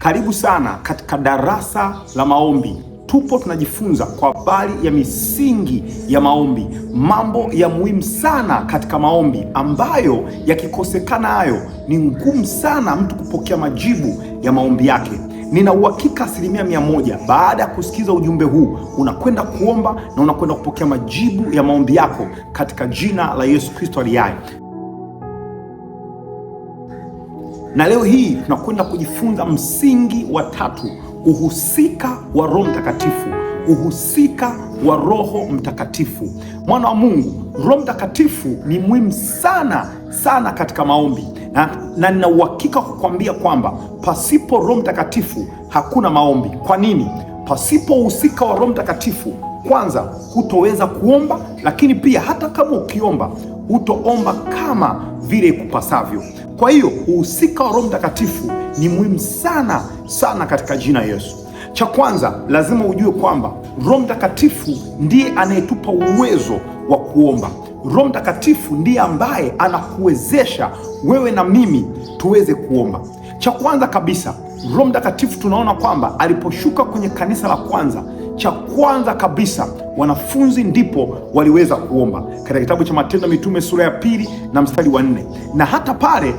Karibu sana katika darasa la maombi. Tupo tunajifunza kwa habari ya misingi ya maombi, mambo ya muhimu sana katika maombi ambayo yakikosekana hayo ni ngumu sana mtu kupokea majibu ya maombi yake. Nina uhakika asilimia mia moja baada ya kusikiza ujumbe huu unakwenda kuomba na unakwenda kupokea majibu ya maombi yako katika jina la Yesu Kristo aliye hai. na leo hii tunakwenda kujifunza msingi wa tatu, uhusika wa Roho Mtakatifu, uhusika wa Roho Mtakatifu. Mwana wa Mungu, Roho Mtakatifu ni muhimu sana sana katika maombi na nina uhakika kukwambia kwamba pasipo Roho Mtakatifu hakuna maombi. Kwa nini? Pasipo uhusika wa Roho Mtakatifu kwanza, hutoweza kuomba, lakini pia hata kama ukiomba hutoomba kama vile ikupasavyo. Kwa hiyo uhusika wa Roho Mtakatifu ni muhimu sana sana katika jina Yesu. Cha kwanza, lazima ujue kwamba Roho Mtakatifu ndiye anayetupa uwezo wa kuomba. Roho Mtakatifu ndiye ambaye anakuwezesha wewe na mimi tuweze kuomba. Cha kwanza kabisa, Roho Mtakatifu tunaona kwamba aliposhuka kwenye kanisa la kwanza cha kwanza kabisa wanafunzi ndipo waliweza kuomba, katika kitabu cha Matendo Mitume sura ya pili na mstari wa nne na hata pale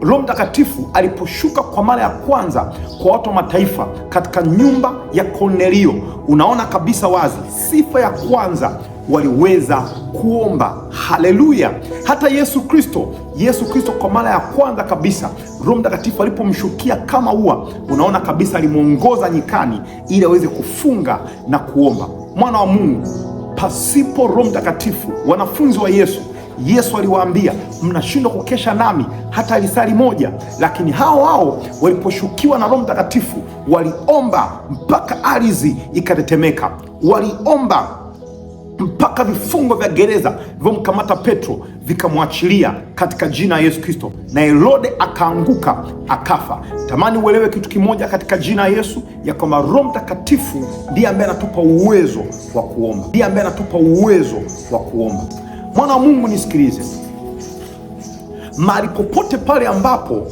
Roho Mtakatifu aliposhuka kwa mara ya kwanza kwa watu wa mataifa katika nyumba ya Kornelio, unaona kabisa wazi sifa ya kwanza waliweza kuomba. Haleluya! Hata Yesu Kristo, Yesu Kristo kwa mara ya kwanza kabisa Roho Mtakatifu alipomshukia kama ua, unaona kabisa alimwongoza nyikani ili aweze kufunga na kuomba. Mwana wa Mungu, pasipo Roho Mtakatifu, wanafunzi wa Yesu Yesu aliwaambia mnashindwa kukesha nami hata lisali moja, lakini hao hao waliposhukiwa na Roho Mtakatifu waliomba mpaka ardhi ikatetemeka, waliomba mpaka vifungo vya gereza vilivyomkamata Petro vikamwachilia katika jina ya Yesu Kristo, na Herode akaanguka akafa. Tamani uelewe kitu kimoja katika jina ya Yesu ya kwamba Roho Mtakatifu ndiye ambaye anatupa uwezo wa kuomba, ndiye ambaye anatupa uwezo wa kuomba. Mwana wa Mungu, nisikilize, mahali popote pale ambapo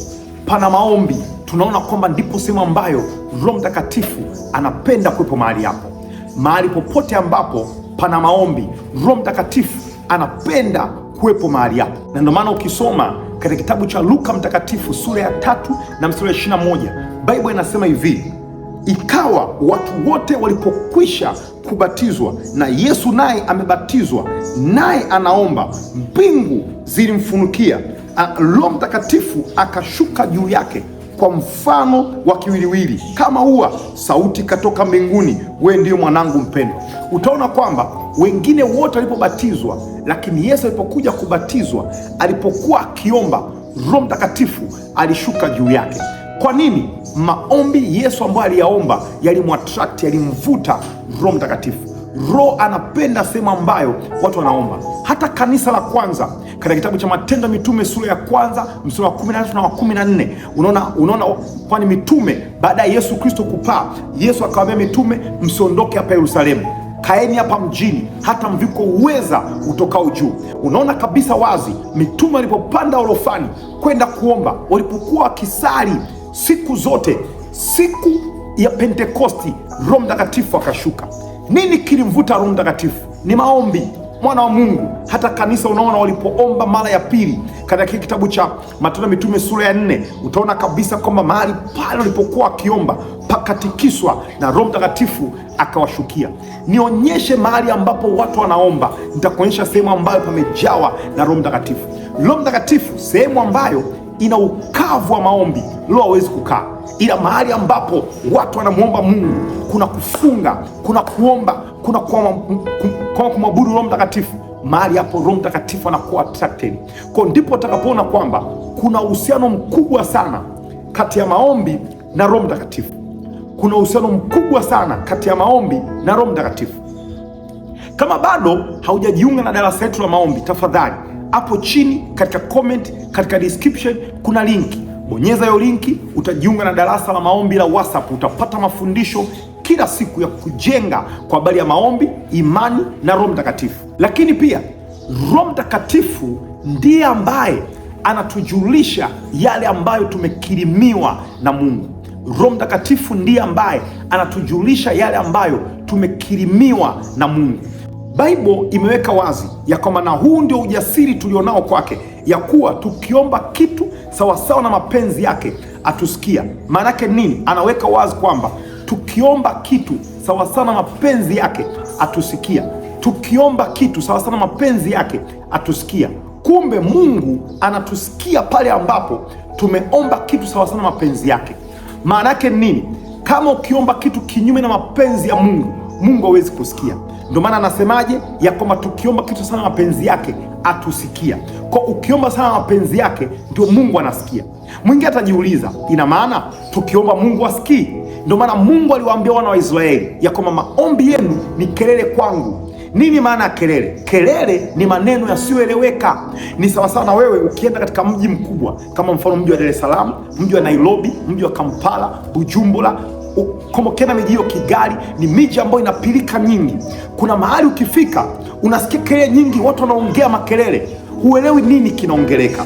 pana maombi, tunaona kwamba ndipo sehemu ambayo Roho Mtakatifu anapenda kuwepo mahali hapo. Mahali popote ambapo pana maombi, Roho Mtakatifu anapenda kuwepo mahali hapo, na ndio maana ukisoma katika kitabu cha Luka Mtakatifu sura ya tatu na mstari wa 21 Biblia inasema hivi Ikawa watu wote walipokwisha kubatizwa na Yesu naye amebatizwa, naye anaomba, mbingu zilimfunukia, Roho Mtakatifu akashuka juu yake kwa mfano wa kiwiliwili kama ua. Sauti ikatoka mbinguni, wewe ndiyo mwanangu mpendwa. Utaona kwamba wengine wote walipobatizwa, lakini Yesu alipokuja kubatizwa, alipokuwa akiomba, Roho Mtakatifu alishuka juu yake. Kwa nini? Maombi Yesu ambayo aliyaomba yalimwattract, yalimvuta Roho Mtakatifu. Roho anapenda sehemu ambayo watu wanaomba. Hata kanisa la kwanza katika kitabu cha Matendo ya Mitume sura ya kwanza mstari wa 13 na wa 14, unaona unaona, kwani mitume baada ya Yesu Kristo kupaa, Yesu akawaambia mitume, msiondoke hapa Yerusalemu, kaeni hapa mjini hata mviko uweza utokao juu. Unaona kabisa wazi mitume walipopanda orofani kwenda kuomba, walipokuwa wakisali siku zote. Siku ya Pentekosti Roho Mtakatifu akashuka. Nini kilimvuta Roho Mtakatifu? Ni maombi mwana wa Mungu. Hata kanisa unaona walipoomba mara ya pili katika kitabu cha Matendo ya Mitume sura ya nne, utaona kabisa kwamba mahali pale walipokuwa wakiomba pakatikiswa na Roho Mtakatifu akawashukia. Nionyeshe mahali ambapo watu wanaomba, nitakuonyesha sehemu ambayo pamejawa na Roho Mtakatifu. Roho Mtakatifu, sehemu ambayo ina ukavu wa maombi hilo hawezi kukaa, ila mahali ambapo watu wanamwomba Mungu kuna kufunga, kuna kuomba, kuna kumwabudu Roho Mtakatifu, mahali hapo Roho Mtakatifu anakuwa attracted Kwa Ndipo utakapoona kwamba kuna uhusiano mkubwa sana kati ya maombi na Roho Mtakatifu. Kuna uhusiano mkubwa sana kati ya maombi na Roho Mtakatifu. Kama bado haujajiunga na darasa letu la maombi, tafadhali hapo chini katika comment, katika description kuna linki Bonyeza hiyo linki, utajiunga na darasa la maombi la WhatsApp. Utapata mafundisho kila siku ya kujenga kwa habari ya maombi, imani na Roho Mtakatifu. Lakini pia Roho Mtakatifu ndiye ambaye anatujulisha yale ambayo tumekirimiwa na Mungu. Roho Mtakatifu ndiye ambaye anatujulisha yale ambayo tumekirimiwa na Mungu. Biblia imeweka wazi ya kwamba, na huu ndio ujasiri tulionao kwake, ya kuwa tukiomba kitu sawasawa na mapenzi yake atusikia. Maana yake nini? Anaweka wazi kwamba tukiomba kitu sawasawa na mapenzi yake atusikia, tukiomba kitu sawasawa na mapenzi yake atusikia. Kumbe Mungu anatusikia pale ambapo tumeomba kitu sawasawa na mapenzi yake. Maana yake nini? Kama ukiomba kitu kinyume na mapenzi ya Mungu, Mungu hawezi kusikia. Ndio maana anasemaje ya kwamba tukiomba kitu sana mapenzi yake atusikia. Kwa ukiomba sana mapenzi yake ndio Mungu anasikia. Mwingi atajiuliza ina maana tukiomba Mungu asikii? Ndio maana Mungu aliwaambia wana wa Israeli ya kwamba maombi yenu ni kelele kwangu. Nini maana ya kelele? Kelele ni maneno yasiyoeleweka. Ni sawasawa na wewe ukienda katika mji mkubwa kama mfano mji wa Dar es Salaam, mji wa Nairobi, mji wa Kampala, Bujumbura, Komokena miji hiyo, Kigali ni miji ambayo inapilika nyingi. Kuna mahali ukifika unasikia kelele nyingi, watu wanaongea makelele, huelewi nini kinaongeleka,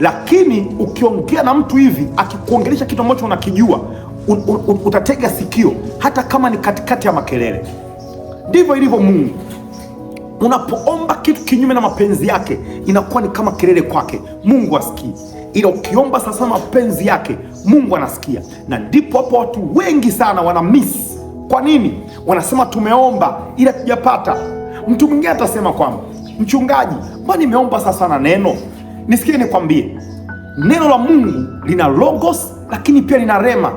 lakini ukiongea na mtu hivi akikuongelesha kitu ambacho unakijua utatega sikio hata kama ni katikati ya makelele. Ndivyo ilivyo Mungu. Unapoomba kitu kinyume na mapenzi yake, inakuwa ni kama kelele kwake. Mungu asikii, ila ukiomba sasa mapenzi yake Mungu anasikia, na ndipo hapo watu wengi sana wana miss. Kwa nini? Wanasema tumeomba ila tujapata. Mtu mwingine atasema kwamba mchungaji, mbona nimeomba sasa na neno? Nisikie nikwambie, neno la Mungu lina logos, lakini pia lina rema.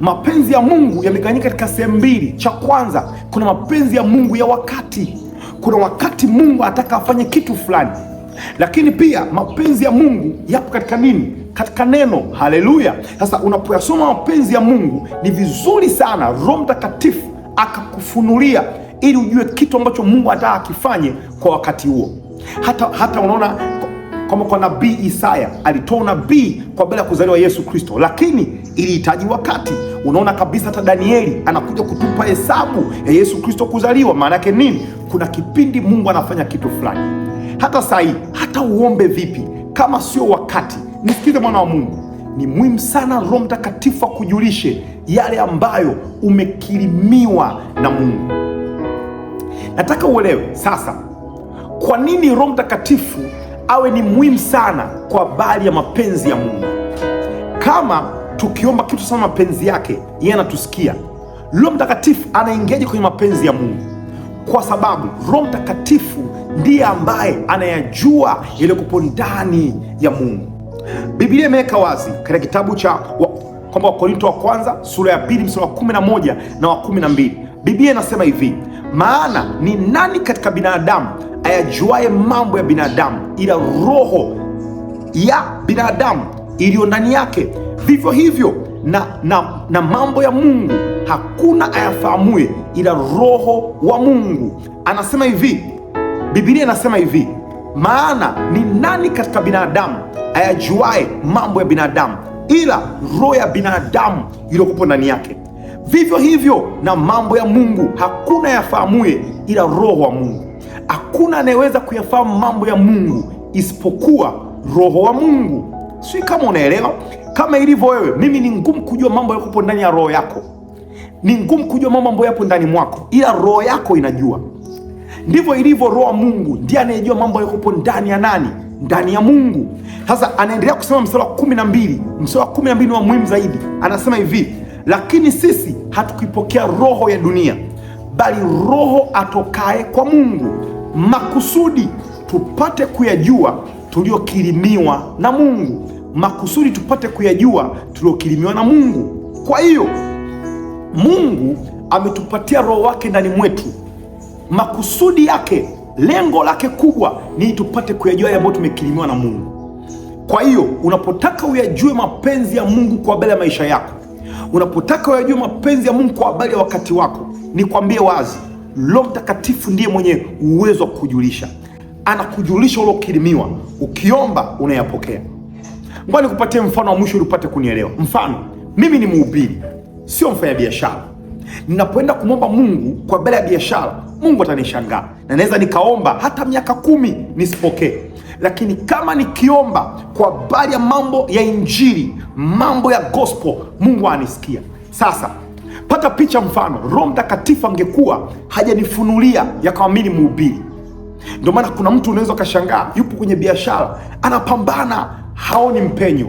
Mapenzi ya Mungu yamegawanyika katika sehemu mbili. Cha kwanza, kuna mapenzi ya Mungu ya wakati. Kuna wakati Mungu anataka afanye kitu fulani, lakini pia mapenzi ya Mungu yapo katika nini? katika neno. Haleluya! Sasa unapoyasoma mapenzi ya Mungu ni vizuri sana Roho Mtakatifu akakufunulia ili ujue kitu ambacho Mungu anataka akifanye kwa wakati huo. Hata, hata unaona kama kwa nabii Isaya alitoa unabii kwa bila ya kuzaliwa Yesu Kristo, lakini ilihitaji wakati. Unaona kabisa hata Danieli anakuja kutupa hesabu ya Yesu Kristo kuzaliwa. Maana yake nini? Kuna kipindi Mungu anafanya kitu fulani. Hata saa hii, hata uombe vipi, kama sio wakati Nisikize mwana wa Mungu, ni muhimu sana Roho Mtakatifu akujulishe yale ambayo umekirimiwa na Mungu. Nataka uelewe sasa kwa nini Roho Mtakatifu awe ni muhimu sana kwa habari ya mapenzi ya Mungu. Kama tukiomba kitu sana mapenzi yake, yeye anatusikia. Roho Mtakatifu anaingiaje kwenye mapenzi ya Mungu? Kwa sababu Roho Mtakatifu ndiye ambaye anayajua yaliyokupo ndani ya Mungu. Biblia imeweka wazi katika kitabu cha kwamba Wakorinto wa kwanza sura ya pili mstari wa kumi na moja na wa kumi na mbili Biblia inasema hivi, maana ni nani katika binadamu ayajuaye mambo ya binadamu ila roho ya binadamu iliyo ndani yake? Vivyo hivyo na, na, na mambo ya Mungu hakuna ayafahamuye ila roho wa Mungu. Anasema hivi, Biblia inasema hivi maana ni nani katika binadamu ayajuae mambo ya binadamu ila roho ya binadamu iliyokupo ndani yake? Vivyo hivyo na mambo ya Mungu hakuna yafahamuye ila roho wa Mungu. Hakuna anayeweza kuyafahamu mambo ya Mungu isipokuwa roho wa Mungu. sii kama unaelewa. Kama ilivyo wewe, mimi ni ngumu kujua mambo yakupo ndani ya roho yako, ni ngumu kujua mambo yapo ndani mwako, ila roho yako inajua. Ndivyo ilivyo roho wa Mungu, ndiye anayejua mambo yaliyopo ndani ya nani? Ndani ya Mungu. Sasa anaendelea kusema mstari wa kumi na mbili. Mstari wa kumi na mbili ni wa muhimu zaidi, anasema hivi: lakini sisi hatukuipokea roho ya dunia, bali roho atokaye kwa Mungu, makusudi tupate kuyajua tuliokirimiwa na Mungu, makusudi tupate kuyajua tuliokirimiwa na Mungu. Kwa hiyo Mungu ametupatia roho wake ndani mwetu makusudi yake, lengo lake kubwa ni tupate kuyajua yale ambayo tumekilimiwa na Mungu. Kwa hiyo unapotaka uyajue mapenzi ya Mungu kwa habari ya maisha yako, unapotaka uyajue mapenzi ya Mungu kwa habari ya wakati wako, nikwambie wazi, Roho Mtakatifu ndiye mwenye uwezo wa kujulisha, anakujulisha uliokilimiwa. Ukiomba unayapokea. Ngoja nikupatie mfano wa mwisho ili upate kunielewa. Mfano, mimi ni mhubiri, sio mfanyabiashara. Ninapoenda kumwomba Mungu kwa habari ya biashara, Mungu atanishangaa na naweza nikaomba hata miaka kumi nisipokee, lakini kama nikiomba kwa habari ya mambo ya Injili, mambo ya gospel, Mungu anisikia. Sasa pata picha, mfano Roho Mtakatifu angekuwa hajanifunulia yakawa mimi mhubiri. Ndio maana kuna mtu unaweza ukashangaa, yupo kwenye biashara anapambana, haoni mpenyo,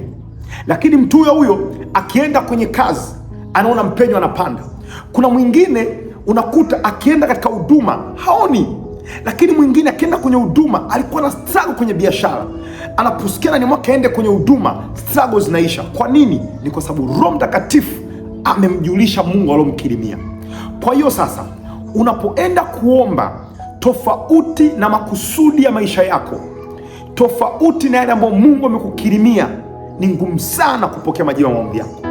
lakini mtu huyo huyo akienda kwenye kazi anaona mpenyo, anapanda. Kuna mwingine unakuta akienda katika huduma haoni, lakini mwingine akienda kwenye huduma alikuwa na struggle kwenye biashara, anaposikia nani mwake aende kwenye huduma struggle zinaisha. Kwa nini? Ni kwa sababu Roho Mtakatifu amemjulisha Mungu aliomkirimia Kwa hiyo sasa unapoenda kuomba tofauti na makusudi ya maisha yako, tofauti na yale ambayo Mungu amekukirimia, ni ngumu sana kupokea majibu ya maombi yako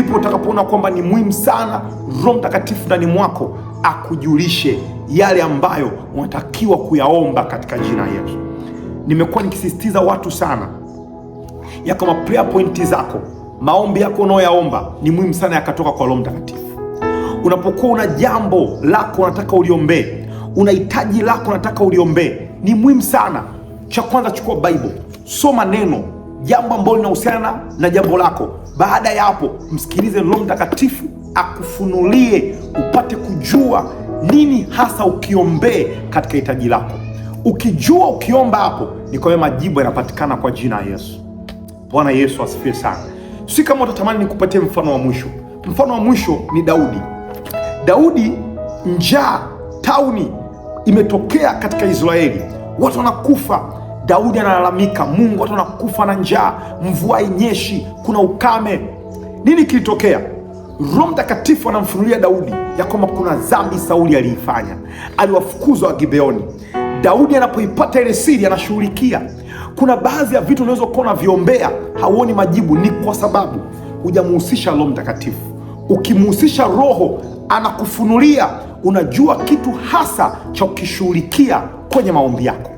ndipo utakapoona kwamba ni muhimu sana Roho Mtakatifu ndani mwako akujulishe yale ambayo unatakiwa kuyaomba katika jina Yesu. Nimekuwa nikisisitiza watu sana ya kama prayer point zako, maombi yako unaoyaomba ni muhimu sana yakatoka kwa Roho Mtakatifu. Unapokuwa una jambo lako unataka uliombee, una hitaji lako unataka uliombee, ni muhimu sana. Cha kwanza, chukua Bible, soma neno, jambo ambalo linahusiana na jambo lako baada ya hapo, msikilize Roho Mtakatifu akufunulie upate kujua nini hasa ukiombee katika hitaji lako. Ukijua ukiomba hapo, ni kwa hiyo majibu yanapatikana kwa jina la Yesu. Bwana Yesu asifiwe sana. Si kama utatamani nikupatie mfano wa mwisho. Mfano wa mwisho ni Daudi. Daudi, njaa tauni imetokea katika Israeli, watu wanakufa Daudi analalamika, Mungu watu kufa na njaa, mvua inyeshi, kuna ukame. Nini kilitokea? Roho Mtakatifu anamfunulia Daudi ya kwamba kuna dhambi Sauli aliifanya, aliwafukuzwa Wagibeoni. Daudi anapoipata ile siri anashughulikia. Kuna baadhi ya vitu unaweza kuwa unaviombea hauoni majibu, ni kwa sababu hujamuhusisha Roho Mtakatifu. Ukimuhusisha Roho anakufunulia, unajua kitu hasa cha kukishughulikia kwenye maombi yako.